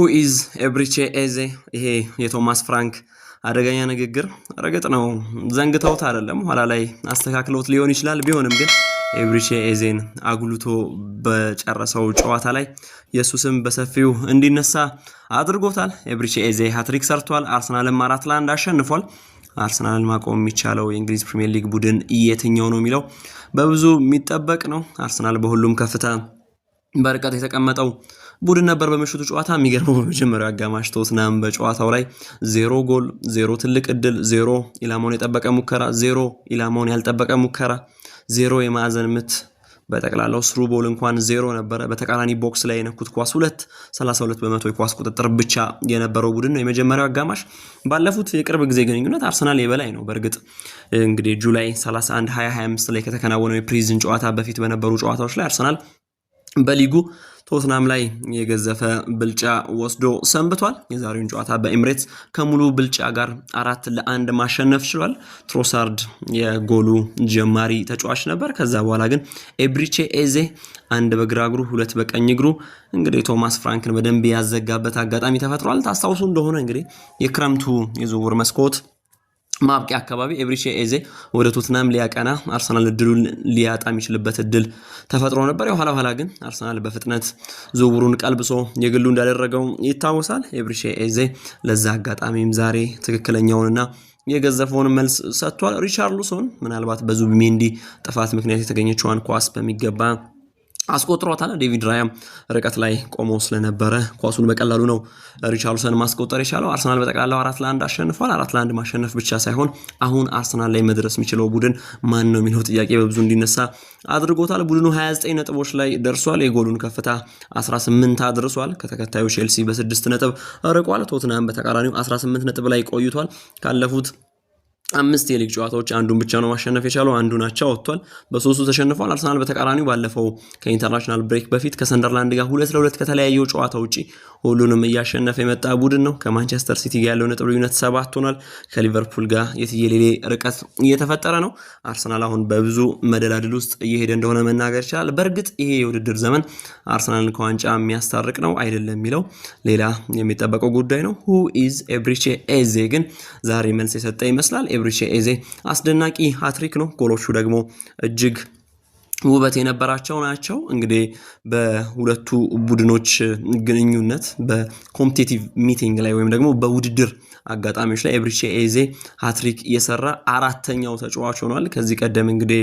ሁ ኢዝ ኤብሪቼ ኤዜ ይሄ የቶማስ ፍራንክ አደገኛ ንግግር እርግጥ ነው ዘንግተውት አይደለም፣ ኋላ ላይ አስተካክለውት ሊሆን ይችላል። ቢሆንም ግን ኤብሪቼ ኤዜን አጉልቶ በጨረሰው ጨዋታ ላይ የእሱ ስም በሰፊው እንዲነሳ አድርጎታል። ኤብሪቼ ኤዜ ሃትሪክ ሰርቷል። አርሰናልም አራት ለአንድ አሸንፏል። አርሰናልን ማቆም የሚቻለው የእንግሊዝ ፕሪምየር ሊግ ቡድን የትኛው ነው የሚለው በብዙ የሚጠበቅ ነው። አርሰናል በሁሉም ከፍታ በርቀት የተቀመጠው ቡድን ነበር። በምሽቱ ጨዋታ የሚገርመው በመጀመሪያው አጋማሽ ቶትናም በጨዋታው ላይ ዜሮ ጎል፣ ዜሮ ትልቅ እድል፣ ዜሮ ኢላማውን የጠበቀ ሙከራ፣ ዜሮ ኢላማውን ያልጠበቀ ሙከራ፣ ዜሮ የማዕዘን ምት በጠቅላላው ስሩ ቦል እንኳን ዜሮ ነበረ። በተቃራኒ ቦክስ ላይ የነኩት ኳስ ሁለት 32 በመቶ የኳስ ቁጥጥር ብቻ የነበረው ቡድን ነው። የመጀመሪያው አጋማሽ ባለፉት የቅርብ ጊዜ ግንኙነት አርሰናል የበላይ ነው። በእርግጥ እንግዲህ ጁላይ 31 2025 ላይ ከተከናወነው የፕሪዝን ጨዋታ በፊት በነበሩ ጨዋታዎች ላይ አርሰናል በሊጉ ቶትናም ላይ የገዘፈ ብልጫ ወስዶ ሰንብቷል። የዛሬውን ጨዋታ በኤምሬትስ ከሙሉ ብልጫ ጋር አራት ለአንድ ማሸነፍ ችሏል። ትሮሳርድ የጎሉ ጀማሪ ተጫዋች ነበር። ከዛ በኋላ ግን ኤብሪቼ ኤዜ አንድ በግራ እግሩ ሁለት በቀኝ እግሩ እንግዲህ ቶማስ ፍራንክን በደንብ ያዘጋበት አጋጣሚ ተፈጥሯል። ታስታውሱ እንደሆነ እንግዲህ የክረምቱ የዝውውር መስኮት ማብቂያ አካባቢ ኤብሪቼ ኤዜ ወደ ቶትናም ሊያቀና አርሰናል እድሉን ሊያጣ የሚችልበት እድል ተፈጥሮ ነበር። የኋላ ኋላ ግን አርሰናል በፍጥነት ዝውውሩን ቀልብሶ የግሉ እንዳደረገው ይታወሳል። ኤብሪቼ ኤዜ ለዛ አጋጣሚም ዛሬ ትክክለኛውንና የገዘፈውን መልስ ሰጥቷል። ሪቻርልሶን ምናልባት በዙቢሜንዲ ጥፋት ምክንያት የተገኘችዋን ኳስ በሚገባ አስቆጥሯታል። ዴቪድ ራያም ርቀት ላይ ቆሞ ስለነበረ ኳሱን በቀላሉ ነው ሪቻርልሰን ማስቆጠር የቻለው። አርሰናል በጠቅላላው አራት ለአንድ አሸንፏል። አራት ለአንድ ማሸነፍ ብቻ ሳይሆን አሁን አርሰናል ላይ መድረስ የሚችለው ቡድን ማን ነው የሚለው ጥያቄ በብዙ እንዲነሳ አድርጎታል። ቡድኑ 29 ነጥቦች ላይ ደርሷል። የጎሉን ከፍታ 18 አድርሷል። ከተከታዩ ቼልሲ በ6 ነጥብ ርቋል። ቶትናም በተቃራኒው 18 ነጥብ ላይ ቆይቷል ካለፉት አምስት የሊግ ጨዋታዎች አንዱን ብቻ ነው ማሸነፍ የቻለው፣ አንዱ ናቸው ወጥቷል፣ በሶስቱ ተሸንፏል። አርሰናል በተቃራኒው ባለፈው ከኢንተርናሽናል ብሬክ በፊት ከሰንደርላንድ ጋር ሁለት ለሁለት ከተለያየው ጨዋታ ውጪ ሁሉንም እያሸነፈ የመጣ ቡድን ነው። ከማንቸስተር ሲቲ ጋር ያለው ነጥብ ልዩነት ሰባት ሆኗል። ከሊቨርፑል ጋር የትየሌሌ ርቀት እየተፈጠረ ነው። አርሰናል አሁን በብዙ መደላድል ውስጥ እየሄደ እንደሆነ መናገር ይችላል። በእርግጥ ይሄ የውድድር ዘመን አርሰናልን ከዋንጫ የሚያስታርቅ ነው አይደለም የሚለው ሌላ የሚጠበቀው ጉዳይ ነው። ሁ ኢዝ ኤብሪቼ ኤዜ ግን ዛሬ መልስ የሰጠ ይመስላል። ኤብሪቼ ኤዜ አስደናቂ ሀትሪክ ነው። ጎሎቹ ደግሞ እጅግ ውበት የነበራቸው ናቸው። እንግዲህ በሁለቱ ቡድኖች ግንኙነት በኮምፒቴቲቭ ሚቲንግ ላይ ወይም ደግሞ በውድድር አጋጣሚዎች ላይ ኤብሪቼ ኤዜ ሀትሪክ የሰራ አራተኛው ተጫዋች ሆኗል። ከዚህ ቀደም እንግዲህ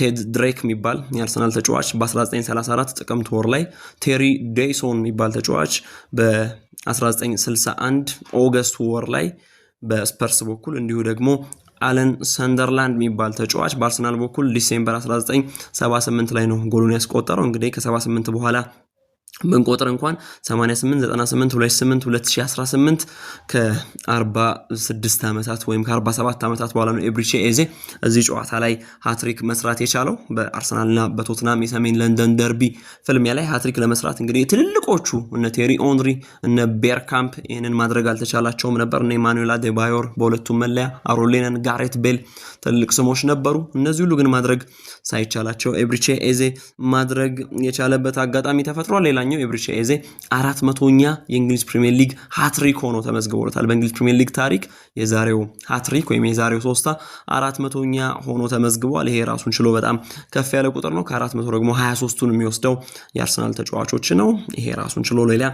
ቴድ ድሬክ የሚባል የአርሰናል ተጫዋች በ1934 ጥቅምት ወር ላይ ቴሪ ዴይሶን የሚባል ተጫዋች በ1961 ኦገስት ወር ላይ በስፐርስ በኩል እንዲሁ ደግሞ አለን ሰንደርላንድ የሚባል ተጫዋች በአርሰናል በኩል ዲሴምበር 1978 ላይ ነው ጎሉን ያስቆጠረው። እንግዲህ ከ78 በኋላ ብንቆጥር እንኳን 88 98 28 2018 ከ46 ዓመታት ወይም ከ47 ዓመታት በኋላ ነው ኤብሪቼ ኤዜ እዚህ ጨዋታ ላይ ሃትሪክ መስራት የቻለው። በአርሰናልና በቶትናም የሰሜን ለንደን ደርቢ ፍልሚያ ላይ ሃትሪክ ለመስራት እንግዲህ ትልልቆቹ እነ ቴሪ ኦንሪ እነ ቤርካምፕ ይህንን ማድረግ አልተቻላቸውም ነበር። እነ ኢማኑዌላ ዴባዮር በሁለቱም መለያ አሮሌነን፣ ጋሬት ቤል ትልልቅ ስሞች ነበሩ። እነዚህ ሁሉ ግን ማድረግ ሳይቻላቸው ኤብሪቼ ኤዜ ማድረግ የቻለበት አጋጣሚ ተፈጥሯል። ሌላ በተቃራኒው የብሪቻ ኤዜ አራት መቶኛ የእንግሊዝ ፕሪሚየር ሊግ ሃትሪክ ሆኖ ተመዝግቦለታል። በእንግሊዝ ፕሪሚየር ሊግ ታሪክ የዛሬው ሃትሪክ ወይም የዛሬው ሶስታ አራት መቶኛ ሆኖ ተመዝግቧል። ይሄ ራሱን ችሎ በጣም ከፍ ያለ ቁጥር ነው። ከአራት መቶ ደግሞ ሀያ ቱን የሚወስደው የአርሰናል ተጫዋቾች ነው። ይሄ ራሱን ችሎ ሌላ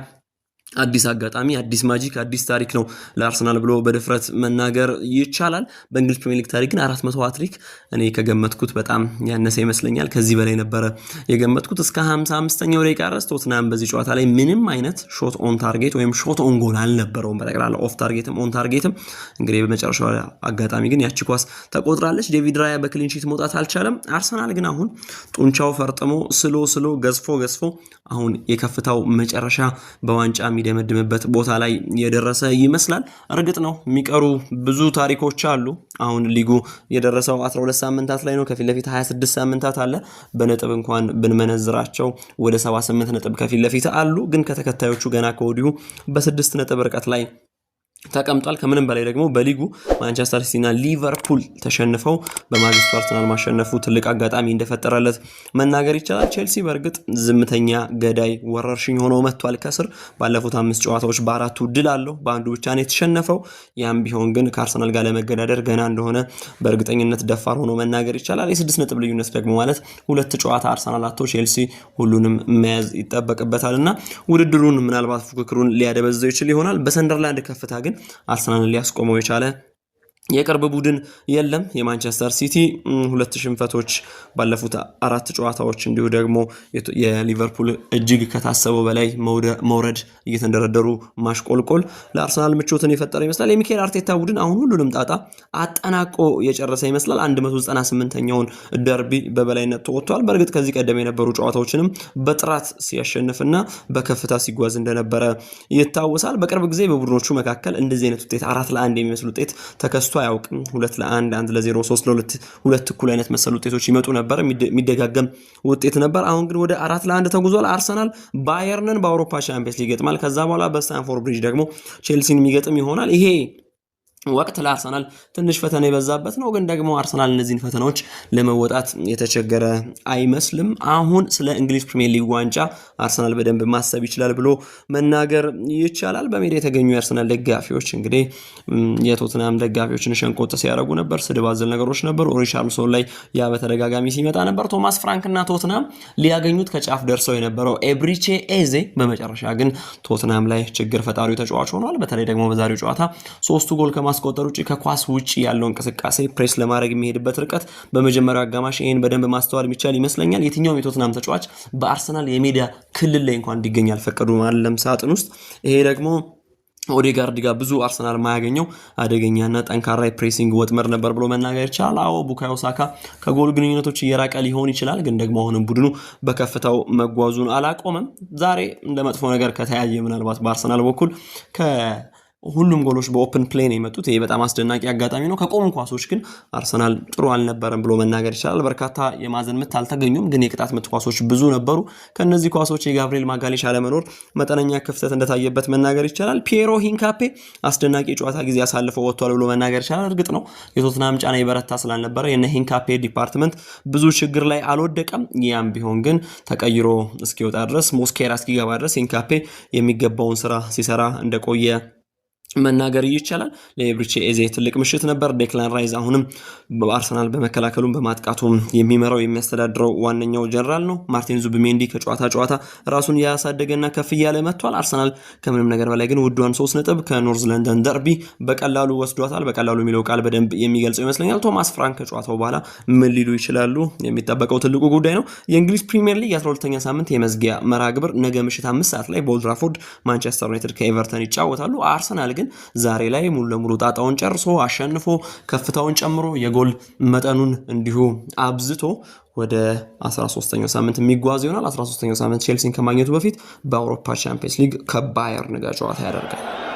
አዲስ አጋጣሚ አዲስ ማጂክ አዲስ ታሪክ ነው ለአርሰናል ብሎ በድፍረት መናገር ይቻላል። በእንግሊዝ ፕሪሚየር ሊግ ታሪክ ግን አራት መቶ ሃትሪክ እኔ ከገመትኩት በጣም ያነሰ ይመስለኛል። ከዚህ በላይ ነበረ የገመትኩት። እስከ 55ኛው ደቂቃ ድረስ ቶትናም በዚህ ጨዋታ ላይ ምንም አይነት ሾት ኦን ታርጌት ወይም ሾት ኦን ጎል አልነበረውም። በጠቅላላ ኦፍ ታርጌትም ኦን ታርጌትም። እንግዲህ በመጨረሻ አጋጣሚ ግን ያቺ ኳስ ተቆጥራለች። ዴቪድ ራያ በክሊንሺት መውጣት አልቻለም። አርሰናል ግን አሁን ጡንቻው ፈርጥሞ ስሎ ስሎ ገዝፎ ገዝፎ አሁን የከፍታው መጨረሻ በዋንጫ የሚደመድምበት ቦታ ላይ የደረሰ ይመስላል። እርግጥ ነው የሚቀሩ ብዙ ታሪኮች አሉ። አሁን ሊጉ የደረሰው 12 ሳምንታት ላይ ነው። ከፊት ለፊት 26 ሳምንታት አለ። በነጥብ እንኳን ብንመነዝራቸው ወደ 78 ነጥብ ከፊት ለፊት አሉ። ግን ከተከታዮቹ ገና ከወዲሁ በስድስት ነጥብ ርቀት ላይ ተቀምጧል። ከምንም በላይ ደግሞ በሊጉ ማንቸስተር ሲቲና ሊቨርፑል ተሸንፈው በማግስቱ አርሰናል ማሸነፉ ትልቅ አጋጣሚ እንደፈጠረለት መናገር ይቻላል። ቼልሲ በእርግጥ ዝምተኛ ገዳይ ወረርሽኝ ሆኖ መጥቷል። ከስር ባለፉት አምስት ጨዋታዎች በአራቱ ድል አለው፣ በአንዱ ብቻ ነው የተሸነፈው። ያም ቢሆን ግን ከአርሰናል ጋር ለመገዳደር ገና እንደሆነ በእርግጠኝነት ደፋር ሆኖ መናገር ይቻላል። የስድስት ነጥብ ልዩነት ደግሞ ማለት ሁለት ጨዋታ አርሰናል አቶ ቼልሲ ሁሉንም መያዝ ይጠበቅበታል እና ውድድሩን ምናልባት ፉክክሩን ሊያደበዘው ይችል ይሆናል። በሰንደርላንድ ከፍታ ግን ግን አርሰናልን ሊያስቆመው የቻለ የቅርብ ቡድን የለም። የማንቸስተር ሲቲ ሁለት ሽንፈቶች ባለፉት አራት ጨዋታዎች፣ እንዲሁ ደግሞ የሊቨርፑል እጅግ ከታሰበው በላይ መውረድ እየተንደረደሩ ማሽቆልቆል ለአርሰናል ምቾትን የፈጠረ ይመስላል። የሚካኤል አርቴታ ቡድን አሁን ሁሉንም ጣጣ አጠናቆ የጨረሰ ይመስላል። 198ኛውን ደርቢ በበላይነት ተወጥቷል። በእርግጥ ከዚህ ቀደም የነበሩ ጨዋታዎችንም በጥራት ሲያሸንፍና በከፍታ ሲጓዝ እንደነበረ ይታወሳል። በቅርብ ጊዜ በቡድኖቹ መካከል እንደዚህ አይነት ውጤት አራት ለአንድ የሚመስል ውጤት ተከስቷል። አያውቅም። ሁለት ለአንድ አንድ ለዜሮ ሶስት ለሁለት ሁለት እኩል አይነት መሰል ውጤቶች ይመጡ ነበር፣ የሚደጋገም ውጤት ነበር። አሁን ግን ወደ አራት ለአንድ ተጉዟል። አርሰናል ባየርንን በአውሮፓ ቻምፒየንስ ሊገጥማል። ይገጥማል። ከዛ በኋላ በስታንፎርድ ብሪጅ ደግሞ ቼልሲን የሚገጥም ይሆናል ይሄ ወቅት ለአርሰናል ትንሽ ፈተና የበዛበት ነው፣ ግን ደግሞ አርሰናል እነዚህን ፈተናዎች ለመወጣት የተቸገረ አይመስልም። አሁን ስለ እንግሊዝ ፕሪሚየር ሊግ ዋንጫ አርሰናል በደንብ ማሰብ ይችላል ብሎ መናገር ይቻላል። በሜዳ የተገኙ የአርሰናል ደጋፊዎች እንግዲህ የቶትናም ደጋፊዎችን ሸንቆጥ ሲያደርጉ ነበር። ስድብ አዘል ነገሮች ነበሩ። ሪቻርልሶን ላይ ያ በተደጋጋሚ ሲመጣ ነበር። ቶማስ ፍራንክና ቶትናም ሊያገኙት ከጫፍ ደርሰው የነበረው ኤብሪቼ ኤዜ በመጨረሻ ግን ቶትናም ላይ ችግር ፈጣሪው ተጫዋች ሆኗል። በተለይ ደግሞ በዛሬው ጨዋታ ሶስቱ ጎል ከማ ከማስቆጠር ውጭ ከኳስ ውጭ ያለው እንቅስቃሴ ፕሬስ ለማድረግ የሚሄድበት ርቀት በመጀመሪያው አጋማሽ ይህን በደንብ ማስተዋል የሚቻል ይመስለኛል። የትኛውም የቶትናም ተጫዋች በአርሰናል የሜዳ ክልል ላይ እንኳን እንዲገኝ አልፈቀዱም አለም ሳጥን ውስጥ ይሄ ደግሞ ኦዴጋርድ ጋር ብዙ አርሰናል ማያገኘው አደገኛና ጠንካራ የፕሬሲንግ ወጥመር ነበር ብሎ መናገር ይቻላል። አዎ ቡካዮ ሳካ ከጎል ግንኙነቶች እየራቀ ሊሆን ይችላል፣ ግን ደግሞ አሁንም ቡድኑ በከፍታው መጓዙን አላቆመም። ዛሬ እንደ መጥፎ ነገር ከተያየ ምናልባት በአርሰናል በኩል ሁሉም ጎሎች በኦፕን ፕሌን የመጡት። ይሄ በጣም አስደናቂ አጋጣሚ ነው። ከቆሙ ኳሶች ግን አርሰናል ጥሩ አልነበረም ብሎ መናገር ይችላል በርካታ የማዘን ምት አልተገኙም፣ ግን የቅጣት ምት ኳሶች ብዙ ነበሩ። ከእነዚህ ኳሶች የጋብሪኤል ማጋሌሽ አለመኖር መጠነኛ ክፍተት እንደታየበት መናገር ይቻላል። ፒሮ ሂንካፔ አስደናቂ ጨዋታ ጊዜ አሳልፈው ወጥቷል ብሎ መናገር ይቻላል። እርግጥ ነው የቶትናም ጫና የበረታ ስላልነበረ የነ ሂንካፔ ዲፓርትመንት ብዙ ችግር ላይ አልወደቀም። ያም ቢሆን ግን ተቀይሮ እስኪወጣ ድረስ ሞስኬራ እስኪገባ ድረስ ሂንካፔ የሚገባውን ስራ ሲሰራ እንደቆየ መናገር ይቻላል። ለኤብሪቼ ኤዜ ትልቅ ምሽት ነበር። ዴክላን ራይዝ አሁንም በአርሰናል በመከላከሉም በማጥቃቱም የሚመራው የሚያስተዳድረው ዋነኛው ጀነራል ነው። ማርቲን ዙብሜንዲ ከጨዋታ ጨዋታ ራሱን ያሳደገና ከፍ እያለ መጥቷል። አርሰናል ከምንም ነገር በላይ ግን ውዷን ሶስት ነጥብ ከኖርዝ ለንደን ደርቢ በቀላሉ ወስዷታል። በቀላሉ የሚለው ቃል በደንብ የሚገልጸው ይመስለኛል። ቶማስ ፍራንክ ከጨዋታው በኋላ ምን ሊሉ ይችላሉ የሚጠበቀው ትልቁ ጉዳይ ነው። የእንግሊዝ ፕሪሚየር ሊግ የ12ኛ ሳምንት የመዝጊያ መርሃ ግብር ነገ ምሽት አምስት ሰዓት ላይ በኦልድ ትራፎርድ ማንቸስተር ዩናይትድ ከኤቨርተን ይጫወታሉ። አርሰናል ግን ዛሬ ላይ ሙሉ ለሙሉ ጣጣውን ጨርሶ አሸንፎ ከፍታውን ጨምሮ የጎል መጠኑን እንዲሁ አብዝቶ ወደ 13ኛው ሳምንት የሚጓዝ ይሆናል። 13ኛው ሳምንት ቼልሲን ከማግኘቱ በፊት በአውሮፓ ቻምፒየንስ ሊግ ከባየርን ጋር ጨዋታ ያደርጋል።